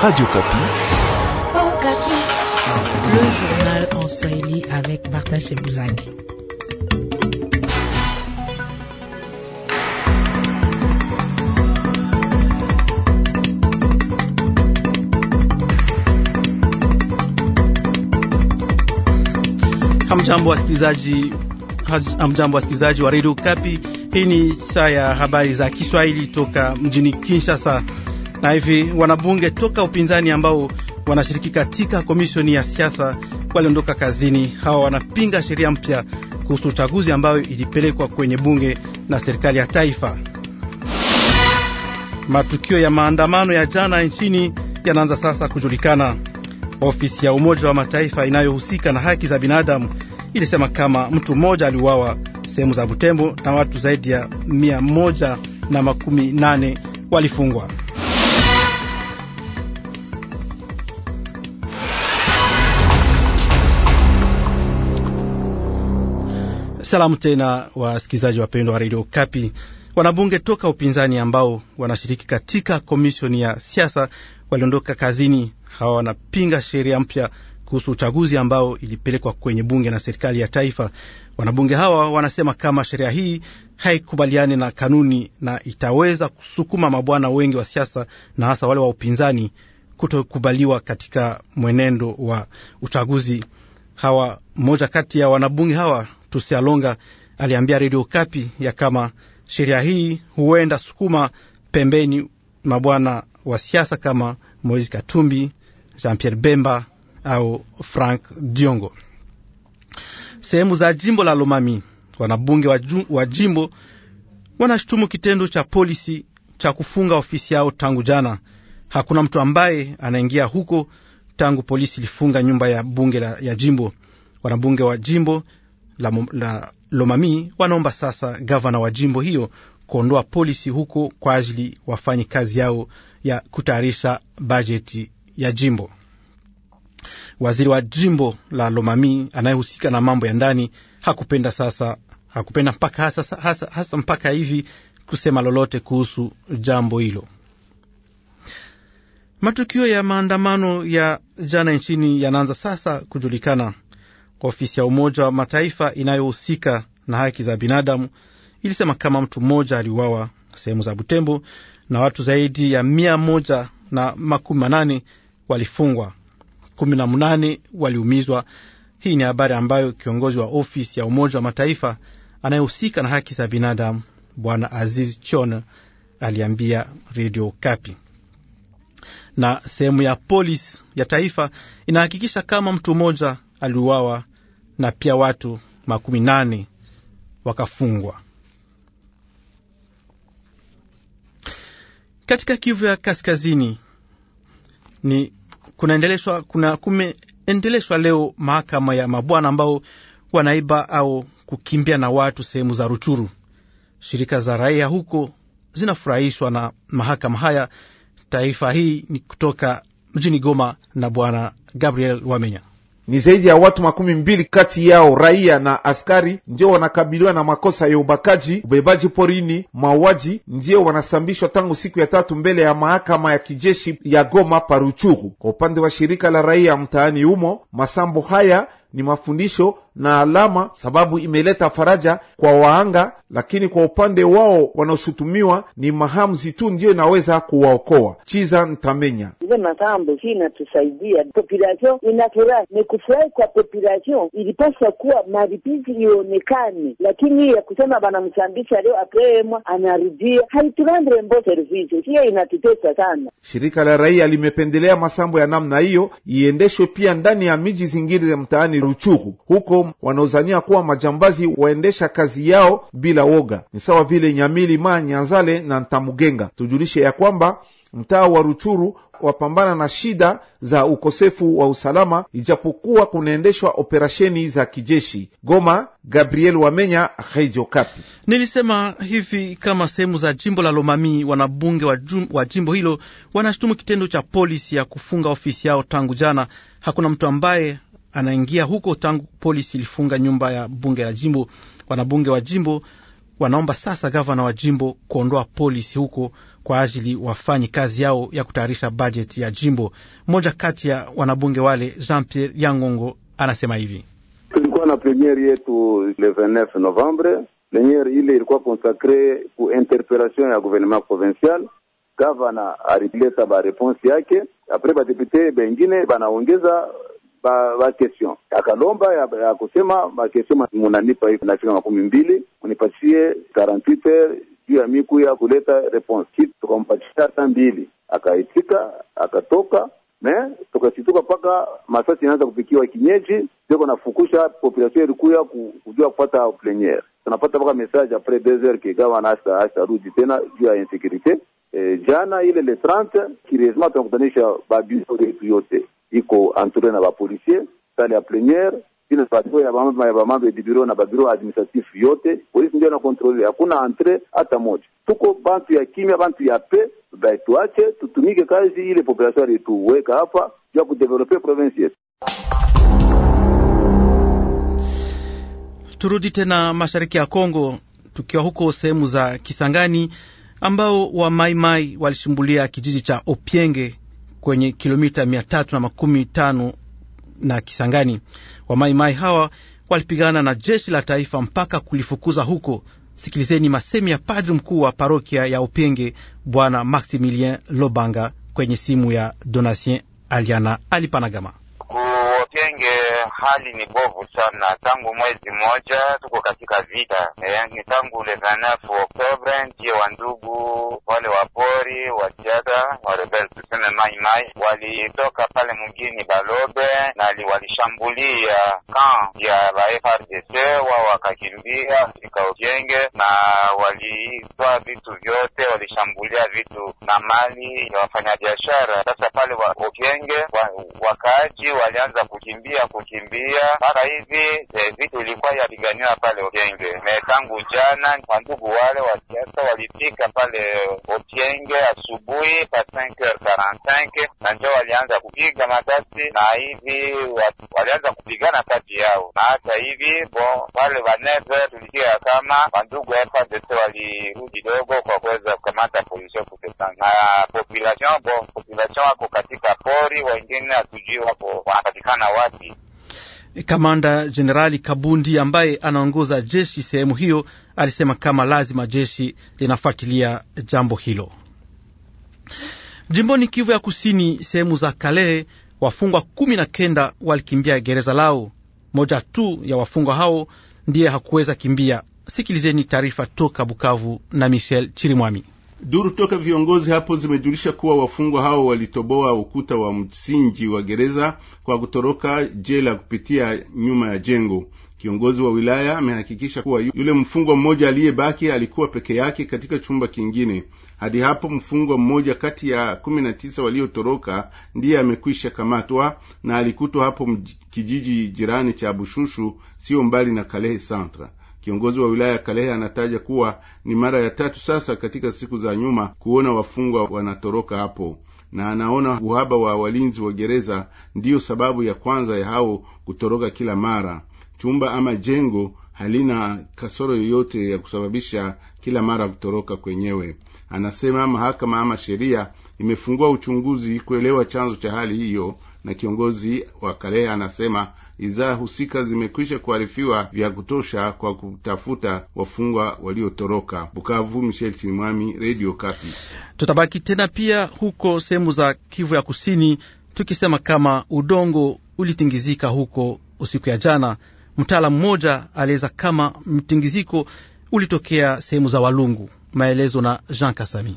Radio Kapi. Oh, Kapi. Le journal en Swahili avec Martin Chebouzani. Hamjambo wasikilizaji, hamjambo wasikilizaji wa Radio Kapi. Hii ni saa ya habari za Kiswahili toka mjini Kinshasa na hivi wanabunge toka upinzani ambao wanashiriki katika komishoni ya siasa waliondoka kazini. Hawa wanapinga sheria mpya kuhusu uchaguzi ambayo ilipelekwa kwenye bunge na serikali ya taifa. Matukio ya maandamano ya jana nchini yanaanza sasa kujulikana. Ofisi ya Umoja wa Mataifa inayohusika na haki za binadamu ilisema kama mtu mmoja aliuawa sehemu za Butembo na watu zaidi ya mia moja na makumi nane walifungwa. Salamu tena wasikilizaji wapendwa wa redio Kapi. Wanabunge toka upinzani ambao wanashiriki katika komishoni ya siasa waliondoka kazini. Hawa wanapinga sheria mpya kuhusu uchaguzi ambao ilipelekwa kwenye bunge na serikali ya taifa. Wanabunge hawa wanasema kama sheria hii haikubaliani na kanuni na itaweza kusukuma mabwana wengi wa siasa na hasa wale wa upinzani kutokubaliwa katika mwenendo wa uchaguzi. Hawa mmoja kati ya wanabunge hawa Tusialonga aliambia redio Kapi ya kama sheria hii huenda sukuma pembeni mabwana wa siasa kama Moise Katumbi, Jean Pierre Bemba au Frank Diongo. Sehemu za jimbo la Lomami, wanabunge wa jimbo wanashutumu kitendo cha polisi cha kufunga ofisi yao tangu jana. Hakuna mtu ambaye anaingia huko tangu polisi ilifunga nyumba ya bunge la, ya jimbo. Wanabunge wa jimbo la, la Lomami wanaomba sasa gavana wa jimbo hiyo kuondoa polisi huko kwa ajili wafanye kazi yao ya kutayarisha bajeti ya jimbo. Waziri wa jimbo la Lomami anayehusika na mambo ya ndani hakupenda sasa, hakupenda mpaka hasa, hasa, hasa mpaka hivi kusema lolote kuhusu jambo hilo. Matukio ya maandamano ya jana nchini yanaanza sasa kujulikana. Ofisi ya Umoja wa Mataifa inayohusika na haki za binadamu ilisema kama mtu mmoja aliuawa sehemu za Butembo na watu zaidi ya mia moja na makumi manane walifungwa, kumi na mnane waliumizwa. Hii ni habari ambayo kiongozi wa ofisi ya Umoja wa Mataifa anayehusika na haki za binadamu Bwana Aziz Chon aliambia redio Kapi. Na sehemu ya polisi ya taifa inahakikisha kama mtu mmoja aliuawa na pia watu makumi nane wakafungwa. Katika Kivu ya Kaskazini ni kunaendeleshwa kuna kumeendeleshwa leo mahakama ya mabwana ambao wanaiba au kukimbia na watu sehemu za Ruchuru. Shirika za raia huko zinafurahishwa na mahakama haya. Taarifa hii ni kutoka mjini Goma na Bwana Gabriel Wamenya ni zaidi ya watu makumi mbili kati yao raia na askari ndio wanakabiliwa na makosa ya ubakaji, ubebaji porini, mauaji, ndio wanasambishwa tangu siku ya tatu mbele ya mahakama ya kijeshi ya Goma Paruchuru. Kwa upande wa shirika la raia mtaani humo, masambo haya ni mafundisho na alama, sababu imeleta faraja kwa waanga, lakini kwa upande wao wanaoshutumiwa ni mahamzi tu ndiyo inaweza kuwaokoa. Chiza Ntamenya: ile makambo hii inatusaidia population, inafurahi ni kufurahi kwa population. Ilipaswa kuwa maripizi ionekane, lakini ya kusema banamsambisha leo apeemwa anarudia haitulandrembo servisi hiyo inatutesa sana. Shirika la raia limependelea masambo ya namna hiyo iendeshwe pia ndani ya miji zingine za mtaani Ruchuru huko ambao wanaozania kuwa majambazi waendesha kazi yao bila woga, ni sawa vile Nyamili ma Nyanzale na Ntamugenga. Tujulishe ya kwamba mtaa wa Ruchuru wapambana na shida za ukosefu wa usalama, ijapokuwa kunaendeshwa operasheni za kijeshi. Goma, Gabriel Wamenya, Radio Kapi. Nilisema hivi kama sehemu za jimbo la Lomami, wanabunge wa, jum, wa jimbo hilo wanashutumu kitendo cha polisi ya kufunga ofisi yao tangu jana. Hakuna mtu ambaye anaingia huko tangu polisi ilifunga nyumba ya bunge la jimbo. Wanabunge wa jimbo wanaomba sasa gavana wa jimbo kuondoa polisi huko kwa ajili wafanye kazi yao ya kutayarisha bajeti ya jimbo. Mmoja kati ya wanabunge wale Jean Pierre Yangongo anasema hivi: tulikuwa na premiere yetu le 29 Novembre, lenyewe ile ilikuwa konsakre ku interpelation ya gouvernement provincial gavana alileta ba yake apres badepute bengine banaongeza ba, ba question akalomba ya, ya kusema ba question, munanipa hivi nafika makumi mbili munipatie 48 heures juu ya miku ya kuleta response kitu, tukampatia hata mbili, akaitika akatoka me tukasituka paka masasi inaanza kupikiwa kinyeji deko nafukusha population ilikuya kujua kupata pleniere, tunapata paka message après deux heures kegawa naasta rudi tena juu ya insecurite. E, jana ile le 30 kirezima tunakutanisha babio yetu yote iko entoure na bapolisie sale ya plenere ile patro ya bamambo ya bibiro na babiro administratif yote polisi ndio nakontrole, hakuna entre hata moja. Tuko bantu ya kimya, bantu ya pe baituache, tutumike kazi ile population alituweka hapa ya kudevelope province yetu. Turudi tena mashariki ya Kongo, tukiwa huko sehemu za Kisangani ambao wa maimai walishambulia kijiji cha Opienge kwenye kilomita mia tatu na makumi tano na Kisangani. Wamaimai hawa walipigana na jeshi la taifa mpaka kulifukuza huko. Sikilizeni masemi ya padri mkuu wa parokia ya Upenge, Bwana Maximilien Lobanga, kwenye simu ya Donatien Aliana Alipanagama. Mulenge hali ni bovu sana, tangu mwezi mmoja tuko katika vita e, ni tangu le 29 Oktobre, wa wandugu wale wapori pori wa rebel tuseme maimai walitoka pale mwingine Balobe na walishambulia kamp ya ba FRDC, wao wakakimbia katika Ujenge na walitoa vitu vyote, walishambulia vitu na mali ya wafanyabiashara. Sasa pale wa Ujenge wakaaji walianza kukimbia kukimbia kukimbia mpaka hivi eh, vitu ilikuwa yapiganiwa pale Otienge. Tangu jana wandugu wale wa siasa walifika pale Otienge asubuhi pa 5 45 na njo walianza kupiga matasi, na hivi walianza kupigana kati yao, na hata hivi bo pale vaneve tulikia kama wandugu wa FARDC walirudi dogo kwa kuweza kukamata polisio kutetana na population. Bo population wako katika pori, wengine hatujui wako wanapatikana wapi. Malawi. Kamanda Jenerali Kabundi ambaye anaongoza jeshi sehemu hiyo alisema kama lazima jeshi linafuatilia jambo hilo. Jimboni Kivu ya Kusini, sehemu za Kalehe, wafungwa kumi na kenda walikimbia gereza lao. Moja tu ya wafungwa hao ndiye hakuweza kimbia. Sikilizeni taarifa toka Bukavu na Michel Chirimwami. Duru toka viongozi hapo zimejulisha kuwa wafungwa hao walitoboa ukuta wa msingi wa gereza kwa kutoroka jela kupitia nyuma ya jengo. Kiongozi wa wilaya amehakikisha kuwa yule mfungwa mmoja aliyebaki alikuwa peke yake katika chumba kingine. Hadi hapo mfungwa mmoja kati ya kumi na tisa waliotoroka ndiye amekwisha kamatwa na alikutwa hapo kijiji jirani cha Bushushu, sio mbali na Kalehe Centre. Kiongozi wa wilaya ya Kalehe anataja kuwa ni mara ya tatu sasa katika siku za nyuma kuona wafungwa wanatoroka hapo, na anaona uhaba wa walinzi wa gereza ndiyo sababu ya kwanza ya hao kutoroka kila mara. Chumba ama jengo halina kasoro yoyote ya kusababisha kila mara kutoroka kwenyewe. Anasema mahakama ama sheria imefungua uchunguzi kuelewa chanzo cha hali hiyo, na kiongozi wa Kalehe anasema idhaa husika zimekwisha kuharifiwa vya kutosha kwa kutafuta wafungwa waliotoroka. Bukavu, Michel Chirimwami, redio Kapi. Tutabaki tena pia huko sehemu za Kivu ya Kusini, tukisema kama udongo ulitingizika huko usiku ya jana. Mtaalamu mmoja alieleza kama mtingiziko ulitokea sehemu za Walungu. Maelezo na Jean Kasami.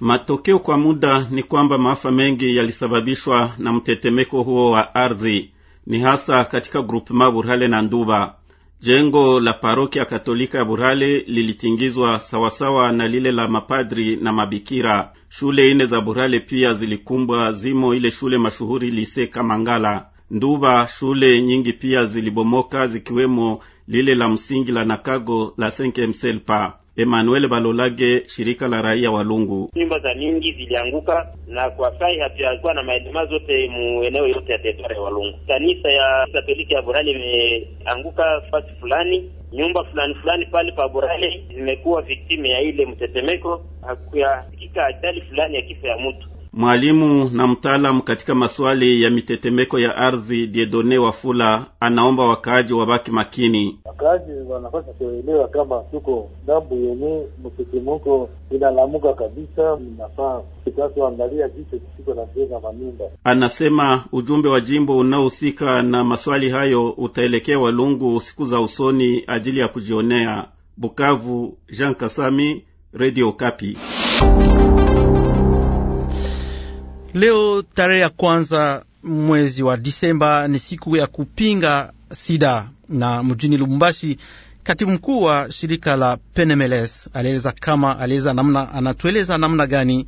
Matokeo kwa muda ni kwamba maafa mengi yalisababishwa na mtetemeko huo wa ardhi, ni hasa katika grupema Burhale na Nduba. Jengo la parokia Katolika ya Burhale lilitingizwa sawasawa na lile la mapadri na mabikira. Shule ine za Burhale pia zilikumbwa, zimo ile shule mashuhuri Lise Kamangala. Nduba shule nyingi pia zilibomoka, zikiwemo lile la msingi la Nakago la Senke Mselpa. Emmanuel Balolage, shirika la raia Lungu. Nyumba za mingi zilianguka na kwa sai hatuyakuwa na maendeleo zote mu eneo yote ya teritwari ya Walungu. Kanisa ya Katoliki ya Borale imeanguka fasi fulani, nyumba fulani fulani pale pa Borale zimekuwa viktime ya ile mtetemeko. Hakuyasikika ajali fulani ya kifo ya mtu Mwalimu na mtaalamu katika maswali ya mitetemeko ya ardhi Diedone Wafula anaomba wakaaji wabaki makini. Wakaaji wanapasa kuelewa kama tuko dambu yenye mtetemeko inalamuka kabisa, mnafaa kuangalia jicho kisiko na jenga manyumba. Anasema ujumbe wa jimbo unaohusika na maswali hayo utaelekea Walungu siku za usoni ajili ya kujionea. Bukavu, Jean Kasami, Radio Kapi. Leo tarehe ya kwanza mwezi wa Disemba ni siku ya kupinga sida, na mjini Lubumbashi katibu mkuu wa shirika la Penemeles alieleza kama alieleza namna, anatueleza namna gani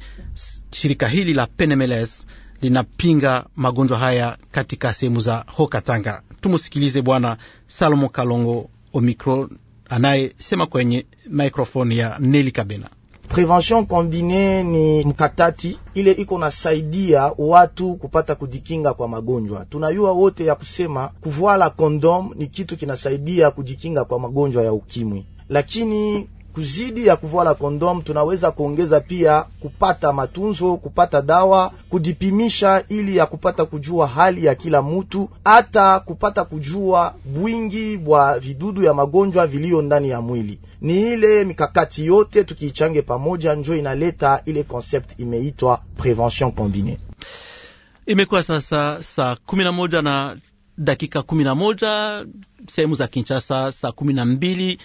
shirika hili la Penemeles linapinga magonjwa haya katika sehemu za Hokatanga. Tumusikilize Bwana Salomo Kalongo Omicron anayesema kwenye maikrofoni ya Neli Kabena. Prevention combinée ni mkatati ile iko nasaidia watu kupata kujikinga kwa magonjwa. Tunayua wote ya kusema kuvwala kondom ni kitu kinasaidia kujikinga kwa magonjwa ya ukimwi, lakini kuzidi ya kuvala kondom, tunaweza kuongeza pia kupata matunzo, kupata dawa, kujipimisha ili ya kupata kujua hali ya kila mtu, hata kupata kujua bwingi bwa vidudu ya magonjwa viliyo ndani ya mwili. Ni ile mikakati yote tukiichange pamoja, njo inaleta ile concept imeitwa prevention combinee. Imekuwa sasa saa kumi na moja na dakika kumi na moja sehemu za Kinshasa, saa kumi na mbili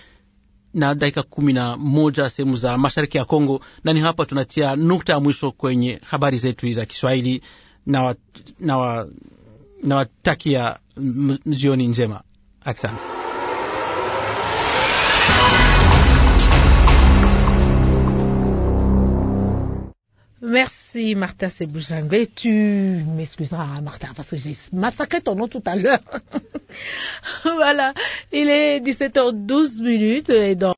na dakika kumi na moja sehemu za mashariki ya Kongo, na ni hapa tunatia nukta ya mwisho kwenye habari zetu za Kiswahili na watakia jioni njema, asante. Merci Martin Seboujangue. Tu m'excuseras Martin, parce que j'ai massacré ton nom tout à l'heure. voilà, il est 17h12 minutes et donc.